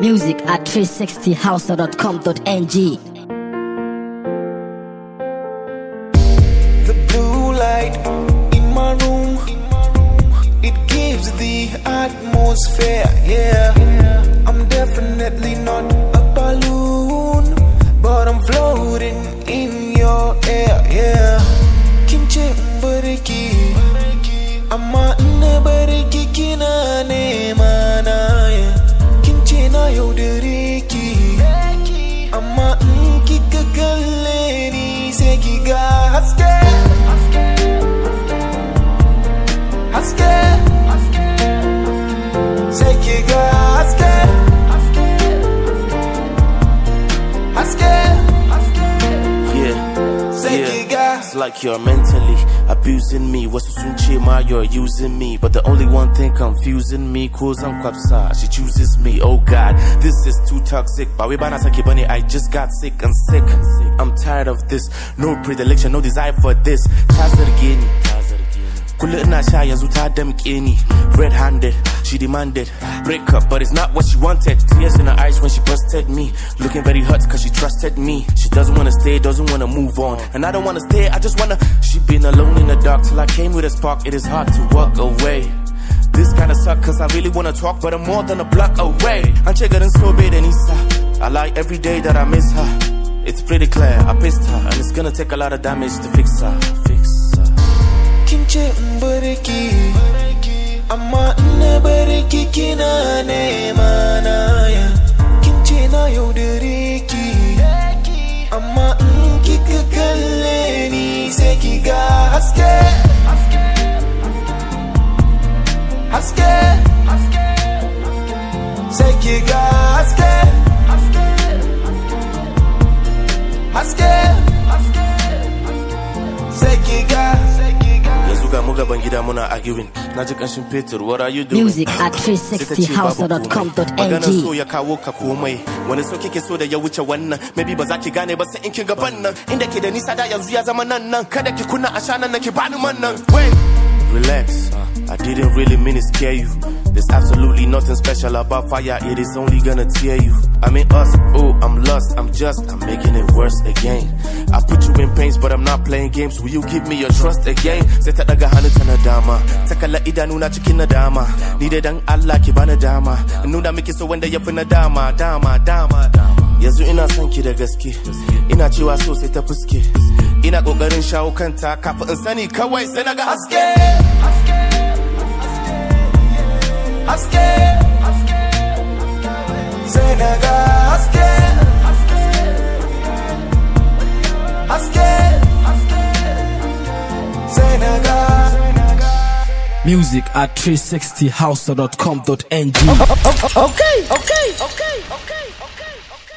Music at 360house.com.ng. The blue light in my room, it gives the atmosphere, yeah. I'm definitely not a balloon, but I'm floating in your air, yeah. Kimchi mbariki, I'm It's like you're mentally abusing me. What's soon chima, you're using me. But the only one thing confusing me, cause I'm kwapsa. She chooses me. Oh god, this is too toxic. But we banasaki bunny, I just got sick and sick. I'm tired of this. No predilection, no desire for this. Kullum ina sha yanzu ta damƙe ni red handed she demanded break up but it's not what she wanted tears in her eyes when she busted me looking very hurt cause she trusted me she doesn't wanna stay doesn't wanna move on and I don't wanna stay I just wanna she been alone in the dark till I came with a spark it is hard to walk away this kinda suck cause I really wanna talk but I'm more than a block away I'm checker so bad than Issa I lie every day that I miss her it's pretty clear I pissed her and it's gonna take a lot of damage to fix her kiki na nema na ya kin na yaudare ki amma in kika kalle ni sai ki ga haske haske sai ki ga haske haske haske gaban gida muna arguing na ji kanshin fetur what are you doing music at 360house.com.ng maganar so ya kawo ka komai wani so kike so da ya wuce wannan maybe ba za ki gane ba sai in kin gaban nan inda ke da nisa da yanzu ya zama nan nan kada ki kunna a shanan nan ki bani man nan wait relax uh, i didn't really mean to scare you There's absolutely nothing special about fire, it is only gonna tear you. I mean, us, oh, I'm lost, I'm just, I'm making it worse again. I put you in pains, but I'm not playing games. Will you give me your trust again? Seta ta daga hannu tana dama, ta kalla idanu na cikin nadama. Ni da dan Allah dama, in nuna miki so wanda ya fi dama, dama, dama. Yanzu ina sanki ki da gaske, ina cewa so sai ta fuske. Ina kokarin shawo kanta kafin in sani kawai sai na ga haske. haske. Music at 360house.com.ng. Okay, okay, okay, okay, okay. okay.